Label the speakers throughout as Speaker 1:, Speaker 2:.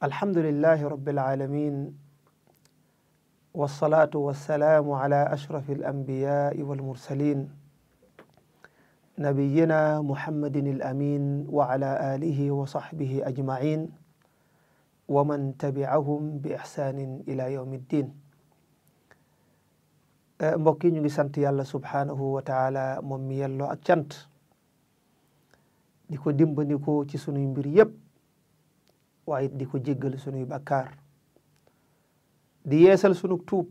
Speaker 1: الحمد لله رب العالمين والصلاة والسلام على أشرف الأنبياء والمرسلين نبينا محمد الأمين وعلى آله وصحبه أجمعين ومن تبعهم بإحسان إلى يوم الدين مبكين أه، yi الله سبحانه وتعالى ممي الله أجنت taala moom mi yelloo waaye di ko jéggal sunuy bàkkaar di yeesal sunu tuub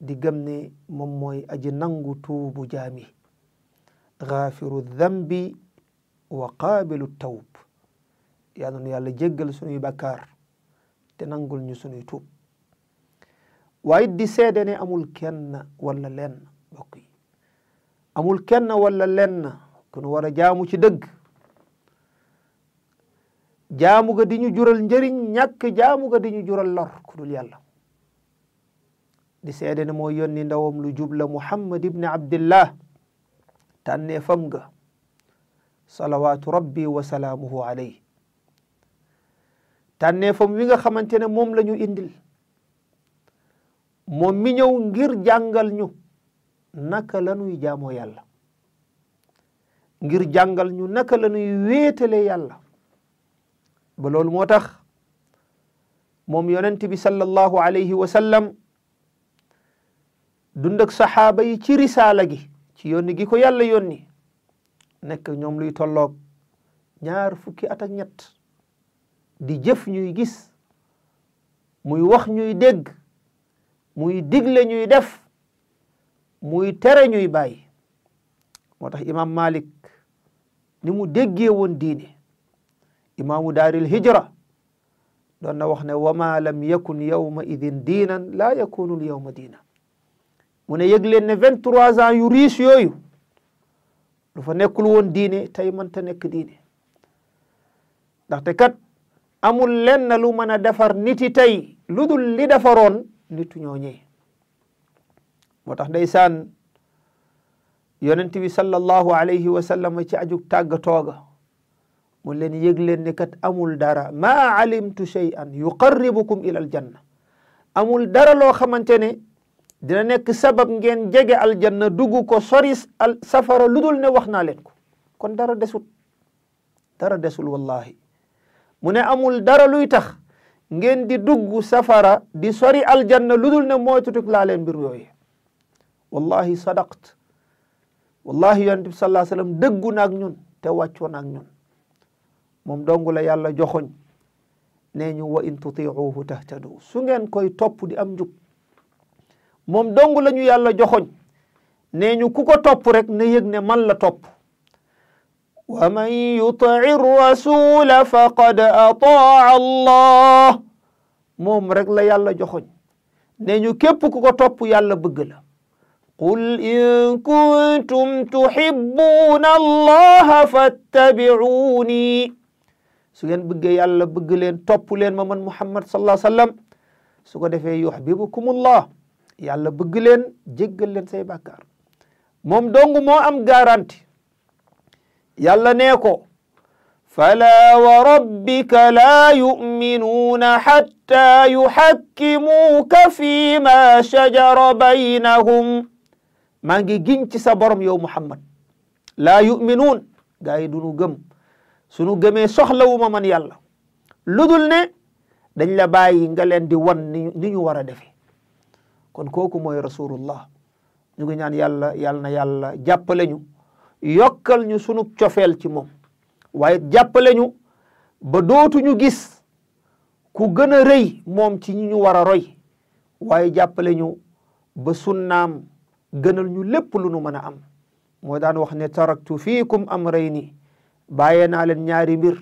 Speaker 1: di gëm ne moom mooy aji nangu tuubu jaami xaafiru dambi wa qaabilu tawb yaa noonu yàlla jéggal sunuy bàkkaar te nangul ñu sunuy tuub waaye di seede ne amul kenn wala lenn amul kenn wala lenn ku nu war a jaamu ci dëgg jaamu ga di jural njëriñ ñàkk jaamu ga di ñu jural lor ku dul yàlla di seede ne moo yónni ndawam lu jubla muhammad ibni abdillah tànnee fam nga salawaatu rabbi wa salaamuhu alayhi tànnee fam wi nga xamante ne moom la indil moom mi ñëw ngir jàngal ñu naka la ñuy jaamoo yàlla ngir jàngal ñu naka la ñuy wéetale yàlla ba loolu moo tax moom yonent bi sallallahu alayhi wa sallam dund ak saxaaba yi ci risaala gi ci yónni gi ko yàlla yónni nekk ñoom luy tolloog ñaar fukki at ak ñett di jëf ñuy gis muy wax ñuy dégg muy digle ñuy def muy tere ñuy bàyyi moo tax imaam Malik ni mu déggee woon diine imaamu daaril hijra doon na wax ne wama lam yakun yawma idin la laa yakunu l yawma diina mu ne yëg leen ne vingt trois ans yu riche yooyu lu fa nekkul woon diine tey mënta nekk diine ndaxte kat amul lenn lu mën a defar niti tey lu dul li defaroon nitu ñooñee moo tax ndeysaan san bi sallallahu alayhi wa sallam ci ajug tàggatooga mu leen yëg leen ne kat amul dara maa alimtu shay'an yuqarribukum ila aljanna amul dara loo xamante ne dina nekk sabab ngeen jege aljanna dugg ko sori safara ludul ne wax naa leen ko kon dara desul dara desul wallahi mu ne amul dara luy tax ngeen di dugg safara di sori aljanna ludul ne moytutuk laa leen mbir yooyu wallahi sadaqt wallahi yonent bi sallallahu alayhi wa sallam dëggu na ak ñun te ak ñun moom dong la yàlla joxoñ nee ñu wa in tutiuhu tahtadu su ngeen koy topp di am njub moom dong la ñu yàlla joxoñ nee ñu ku ko topp rek na yëg ne man la topp wa man yutii rasula faqad ataa allah moom rek la yàlla joxoñ nee ñu képp ku ko topp yàlla bëgg la in kuntum tuhibbuuna allaha fattabi'uuni su ngeen bëggee yàlla bëgg leen topp leen ma man muhammad sallallahu alayhi wasallam su ko defee yuhibbukumullah yàlla bëgg leen jéggal leen say bàkkaar moom dong moo am garanti yàlla nee ko fala wa rabbika laa yuminuuna xatta yuxakkimuuka fi ma shajara baynahum maa ngi giñ ci sa borom yow muhammad laa yuminuun gaa yi sunu gëmee ma man yàlla ludul ne dañ la bàyyi nga leen di wan ni ñu war a defee kon kooku mooy rasulullah ñu ngi ñaan yàlla yàlla na yàlla jàppale ñu yokkal ñu sunu cofeel ci moom waaye jàppale ñu ba dootuñu gis ku gën a rëy moom ci ñi ñu war a roy waaye jàppale ñu ba sunnaam gënal ñu lépp lu nu mën a am moo daan wax ne fii am fiikum amrayni bàyyee naa leen ñaari mbir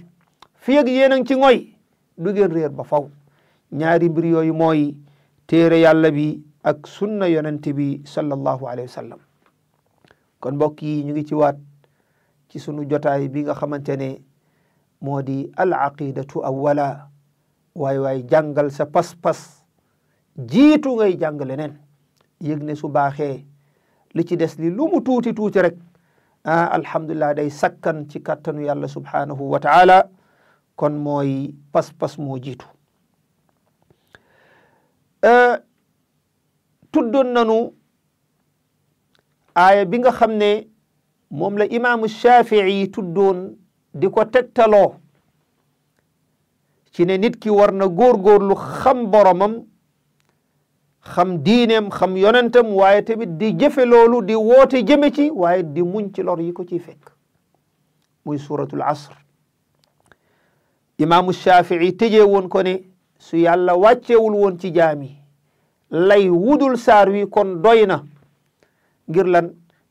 Speaker 1: fii ak yéen a ngi ci ngoy du ba faw ñaari mbir yooyu mooy téere yàlla bi ak sunna yonente bi sallallahu alayhi wa sallam kon mbokk yi ñu ngi ci waat ci sunu jotaay bi nga xamante ne moo di al aqidatu awwala waay waay jàngal sa pas-pas jiitu ngay jàng leneen yëg ne su baaxee li ci des li lu tuuti rek ah alhamdulilah day sakkan ci kàttanu yàlla subhanahu wa kon mooy pas-pas moo jiitu eh, tuddoon nanu aaya bi nga xam ne moom la imaamu Shafii tuddoon di ko tegtaloo ci ne nit ki war na góorgóorlu xam boromam xam diineem xam yonentam waaye tamit di jëfe loolu di woote jëme ci waaye di muñ ci lor yi ko ciy fekk muy suratul asr imaamu shafii tëjee woon ko ne su yàlla wàccewul woon ci jaami lay wudul saar wi kon doy na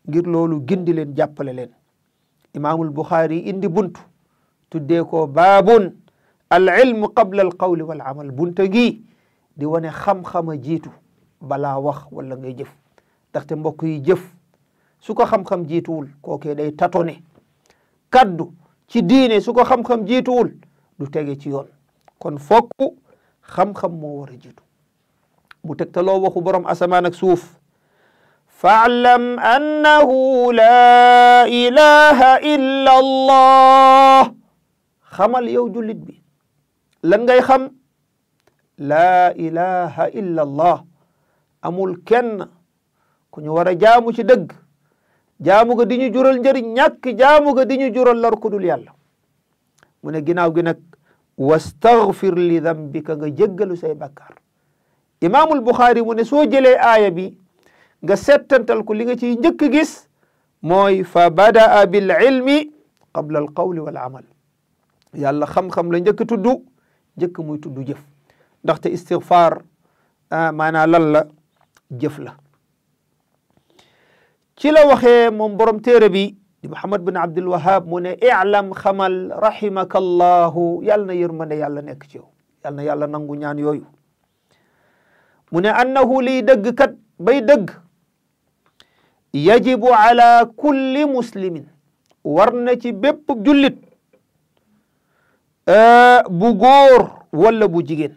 Speaker 1: ngir loolu gindi leen jàppale leen imaamul buxaari indi buntu tuddee ko baabun al ilmu qabla al qawli wal amal bunta gi di wane xam-xama jiitu bala wax walla ngay jëf ndaxte mbokk yi jëf su ko xam-xam jiituwul kookee day tatone kaddu ci diine su ko xam-xam jiituwul du tege ci yoon kon fokk xam-xam moo war a jiitu mu tegtaloo waxu borom asamaan ak suuf faalam annahu laa ilaha illa allah xamal yow jullit bi lan ngay xam laa ilaha illa allah amul kenn ku ñu war a jaamu ci dëgg jaamu ga di ñu jural njëriñ ñàkk jaamu ga di ñu jural lor ku dul yàlla mu ne ginnaaw gi nag wastaghfir li dambika nga jéggalu say bakkaar imaamul buxaari mu ne soo jëlee aaya bi nga settantal ko li nga ciy njëkk gis mooy fa badaa bil ilmi qabla al qawli wal amal yàlla xam la njëkk tudd njëkk muy tudd jëf ndaxte istighfar ah, maanaa lan la jëf la ci la waxee moom borom téere bi di Muhammad bin Abdul Wahab mu ne i'lam xamal rahimaka allahu yàlla na yërmande yàlla nekk ci yàlla nangu ñaan yooyu mu ne annahu liy dëgg kat bay dëgg yajibu ala kulli muslimin war na ci bépp jullit euh, bu góor wala bu jigéen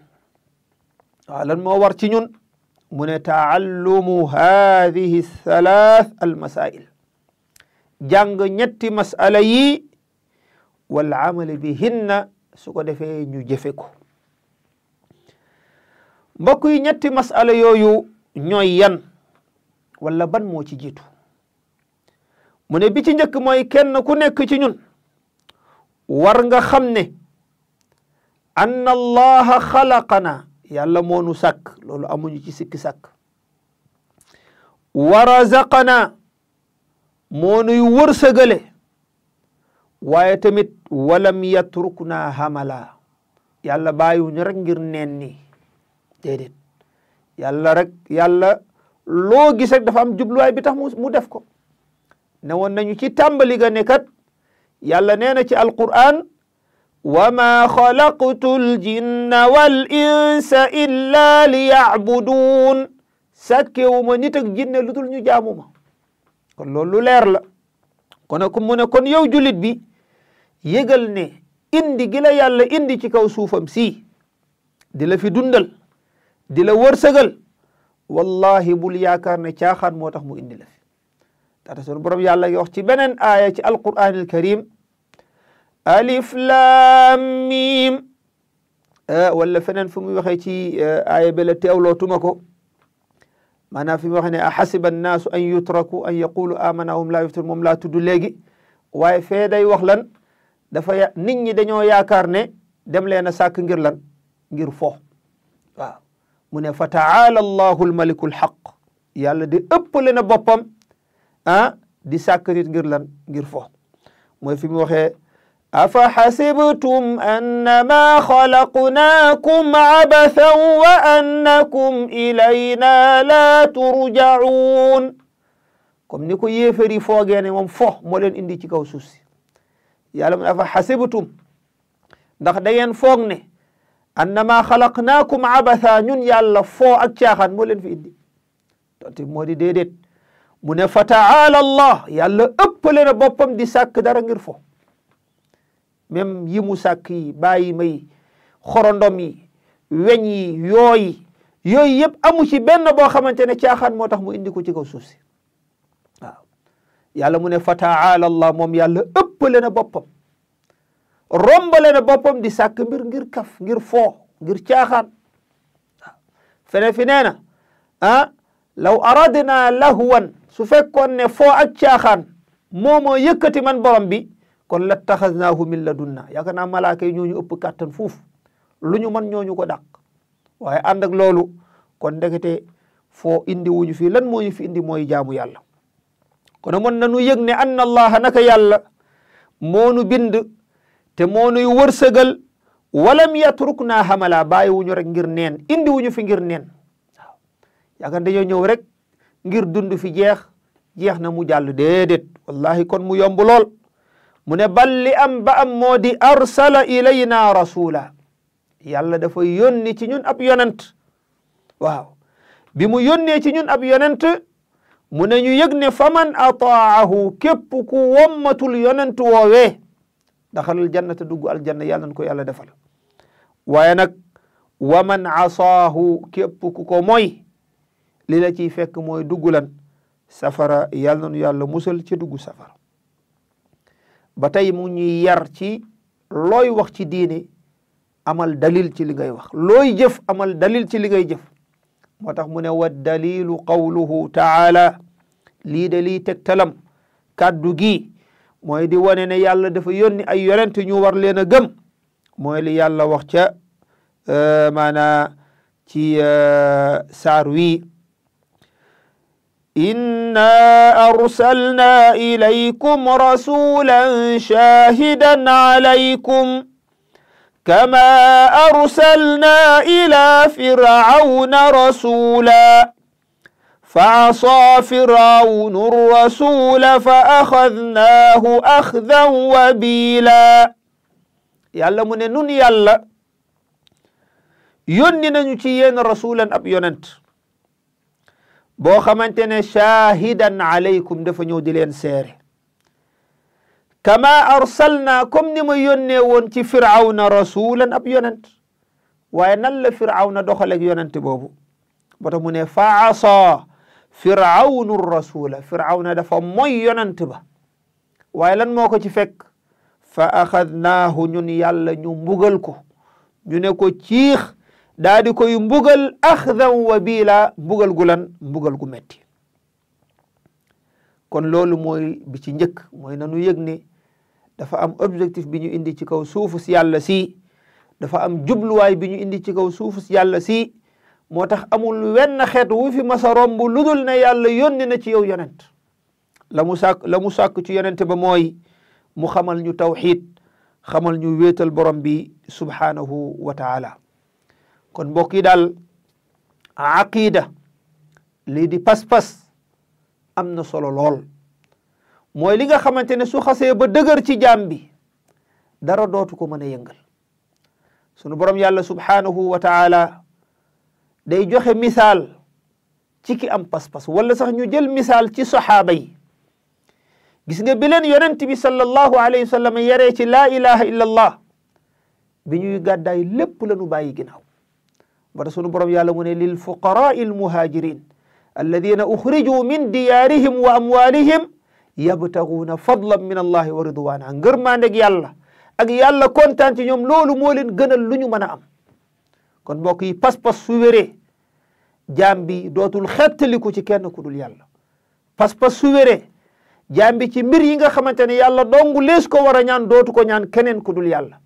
Speaker 1: mu ne taallumu haadihi thalath almasail jàng ñetti masala yi wal amali bihinna su ko defee ñu jëfe ko mbokk yi ñetti masala yooyu ñooy yan walla ban moo ci jiitu mu ne bi ci njëkk mooy kenn ku nekk ci ñun war nga xam ne anna allaha xalaqana yàlla moo nu sàkk loolu amuñu ci sikki sàkk wa razaqana moo nuy wërsëgale waaye tamit walam yatrukna hamala yàlla bàyyiwuñu rek ngir neen ni déedéet yàlla rek yàlla loo gis rek dafa am jubluwaay bi tax mu def ko ne woon nañu ci tàmbali ga kat yàlla nee na ci alquran وما خلقت الجن والإنس إلا ليعبدون sàkkeewuma nit ak jinne lu dul ñu jaamu ma kon loolu lu leer la kon nag mu kon yow julit bi yëgal ne indi gi la yàlla indi ci kaw suufam sii di la fi dundal di la wërsëgal wallahi bul yaakaar ne caaxaan moo tax mu indi la fi yàlla ngi ci beneen ci alquranil alif eh, wala feneen fu muy waxee ci eh, aaya bi la teewlootuma ko maanaam fi mu ne a xasiba annaasu an yutraku an yaqulu amana hum laa yuftanun moom laa tudd léegi waaye fee day wax lan dafa ya nit ñi dañoo yaakaar ne dem leen a sàkk ngir lan ngir fo waaw ne fa taala allahu almaliku alxaq yàlla di ëppale na boppam ah di sàkk nit ngir lan ngir fo mooy fi أفحسبتم أنما خلقناكم عبثا وأنكم إلينا لا ترجعون comme ni ko yéefari foogee ne moom fo moo leen indi ci kaw suuf si yàlla mu ne afahasibtum ndax da ngeen foog ne annama xalaqnaakum abatha ñun yàlla foo ak caaxaan moo leen fi indi tonti moo di déedéet mu ne fa taala allah yàlla ëppale na boppam di sàkk dara ngir fo même yi mu sàkk yi bàyyi may xorondom yi weñ yi yooyi yooyu yëpp amu ci benn boo xamante ne caaxaan moo tax mu indi ko ci kaw suuf si waaw yàlla mu ne fa taala allah moom yàlla ëppale na boppam rombale na boppam di sàkk mbir ngir kaf ngir foo ngir caaxaan waaw fene fi nee na ah lahwan su fekkoon ne foo ak caaxaan moo moo yëkkati man borom bi kon la taxasnaahu min ladunna yaakaar naa malaaka yi ñooñu ëpp kàttan fuuf lu ñu mën ñooñu ko dàq waaye ànd ak loolu kon ndekete foo indi wuñu fii lan moo ñu fi indi mooy jaamu yàlla kon mën nañu yëg ne anna allaha naka yàlla moonu bind te moonuy wërsëgal walam yatruk naa xamala bàyyi wuñu rek ngir neen indi wuñu fi ngir neen waaw yaakaar dañoo ñëw rek ngir dund fi jeex jeex na mu jàll déedéet wallahi kon mu yomb mu ne bal li am ba am moo di arsala ilayna rasula yàlla dafa yónni ci ñun ab yonent waaw bi mu yónnee ci ñun ab yonent mu ne ñu yëg ne faman ataahu képp ku wommatul yonent woowee daxalal jannata dugg aljanna yàlla ko yàlla defal waaye nag wa man asaahu képp ku ko mooy li la ciy fekk mooy dugg lan safara yàlla na yàlla musal ci dugg safara ba tey mu ñuy yar ci looy wax ci diine amal dalil ci li ngay wax looy jëf amal dalil ci li ngay jëf moo tax mu ne wa dalilu qawluhu taala lii de lii tegtalam kàddu gi mooy di wane ne yàlla dafa yónni ay yonent ñu war leen a gëm mooy li yàlla wax ca euh, maanaa ci euh, saar wi إنا أرسلنا إليكم رسولا شاهدا عليكم كما أرسلنا إلى فرعون رسولا فعصى فرعون الرسول فأخذناه أخذا وبيلا yàlla من ne nun yàlla رسولا nañu boo xamante ne shaahidan alaykum dafa ñëw di leen seere kama arsalna comme ni ma yónnee woon ci firawna rasulan ab yonent waaye nan la firawna doxaleeg yonent boobu ba tax mu ne fa asa firawnu rasula firawna dafa mooy yonent ba waaye lan moo ko ci fekk fa axadnaahu ñun yàlla ñu mbugal ko ñu ko ciix daa di koy mbugal axdan wa bila mbugal gu lan mbugal gu metti kon loolu mooy bi ci njëkk mooy nanu yëg ne dafa am objectif bi ñu indi ci kaw suufu si yàlla si dafa am jubluwaay bi ñu indi ci kaw suufu si yàlla si moo tax amul wenn xeet wu fi masa romb ludul ne yàlla yónni na ci yow yonent la mu sàkk la mu sàkk ci yonent ba mooy mu xamal ñu tawxid xamal ñu wéetal borom bi subhaanahu wa taala kon mbokk yi daal aqida lii di pas am na solo lool mooy li nga xamante ne su xasee ba dëgër ci jaam bi dara dootu ko mën a yëngal sunu borom yàlla subhaanahu wa taala day joxe misaal ci ki am pas-pas wala sax ñu jël misaal ci saxaaba yi gis nga bi leen yonent bi sallallahu la wa ci laa ilaha illa allah bi ñuy gàddaay lépp lañu bàyyi ginnaaw ba tax sunu borom yàlla mu ne lil fuqaraa al muhajirin alladina uxriju min diyaarihim wa amwalihim yabtaguuna fadlan min allahi wa ridwana ngërmaandeg yàlla ak yàlla kontaan ci ñoom loolu moo leen gënal lu ñu mën a am kon mbokk yi pas-pas su wéree jaam bi dootul xettaliku ci kenn ku dul yàlla pas-pas su wéree jaam bi ci mbir yi nga xamante ne yàlla dong lees ko war a ñaan dootu ko ñaan keneen ku dul yàlla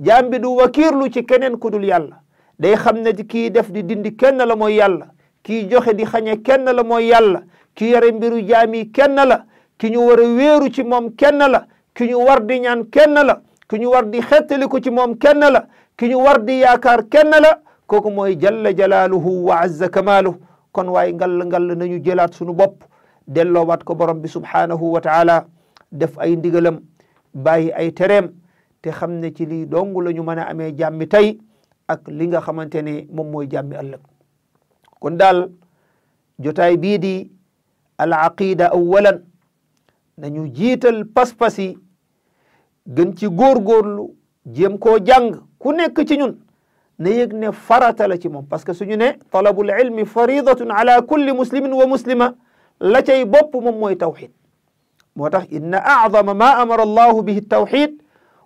Speaker 1: jaam bi du wakiirlu ci keneen ku dul yàlla day xam ne kii def di dindi kenn la mooy yàlla kii joxe di xañe kenn la mooy yàlla ki yore mbiru jaam yi kenn la ki ñu war a ci moom kenn la ki ñu war di ñaan kenn la ki ñu war di xettaliku ci moom kenn la ki ñu war di yaakaar kenn la kooku mooy jalla jalaaluhu wa azza kamaaluhu kon waaye ngall ngall nañu jëlaat suñu bopp delloowaat ko borom bi subhaanahu wa taala def ay ndigalam bàyyi ay tereem te xam ne ci lii dong la ñu mën a amee jàmmi tey ak li nga xamante ne moom mooy jàmmi ëllëg kon daal jotaay bii di al aqida awalan nañu jiital pas-pas yi gën ci góorgóorlu jéem koo jàng ku nekk ci ñun na yëg ne farata la ci moom parce que suñu ne talabul ilmi faridatun ala bopp moom mooy tawxid moo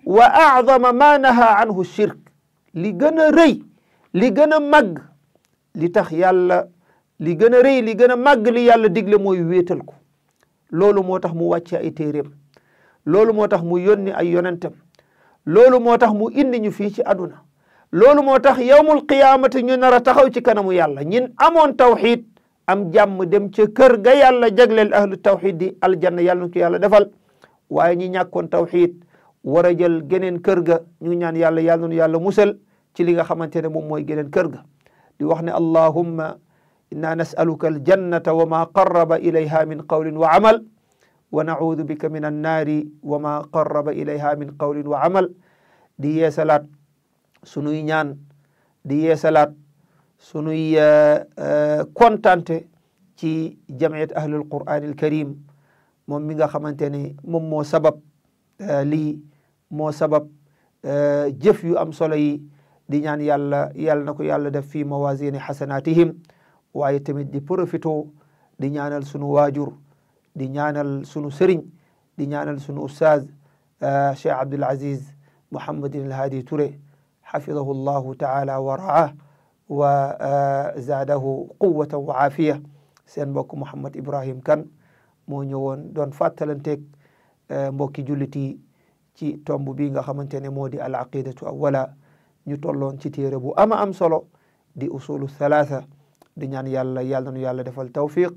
Speaker 1: wa aadama ma naha anhu shirk li gën a rëy li gën a màgg li tax yàlla li gën a rëy li gën a màgg li yàlla digle mooy wéetal ko loolu moo tax mu wàcce ay téeréem loolu moo tax mu yónni ay yonentam loolu moo tax mu indi ñu fii ci aduna loolu moo tax yawmul qiyaamati ñu nar a taxaw ci kanamu yàlla ñin amoon tawxid am jàmm dem ca kër ga yàlla jagleel ahlu tawxid di aljanna yàlla na ko yàlla defal waaye ñi ñàkkoon tawxid war a jël geneen kër ga ñu ñaan yàlla yàlla nañu yàlla musal ci li nga xamante ne moom mooy geneen kër ga di wax ne allahumma inna nasaluka aljannata wa ma qarraba ilayha min qawlin wa amal wa naudu bika min annaari wa ma qarraba ilayha min qawlin wa amal di yeesalaat sunuy ñaan di yeesalaat sunuy uh, uh, kontante ci jamiat ahlul qur'an al karim moom mi nga xamante ne moom moo sabab li mo sabab jëf yu am solo yi di ñaan yàlla yàlla na ko yàlla def fi mawasini xasanaatihim waaye tamit di profito di ñaanal sunu waajur di ñaanal sunu sëriñ di ñaanal sunu ustaaz Cheikh Abdul Aziz Mouhamadin al Hadi Touré xafidahu llahu taala wa raa wa zaadahu quwwatan wa aafiya seen mbokk Mouhamad Ibrahim Kan moo ñëwoon doon fàttalanteeg Eh, mbokki jullit yi ci tomb bii nga xamante ne moo di al aqidatu awwala ñu tolloon ci téere bu ama am solo di usulu salaasa di ñaan yàlla yàlla nañu yàlla defal tawfiq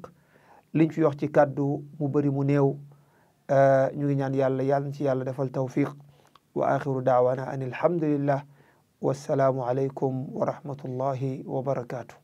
Speaker 1: liñ fi wax ci kàddu mu bari mu néew eh, ñu ngi ñaan yàlla yàlla ci yàlla defal tawfiq wa axiru daawana an alhamdulillah wassalaamu aleykum wa rahmatullahi wa barakaatu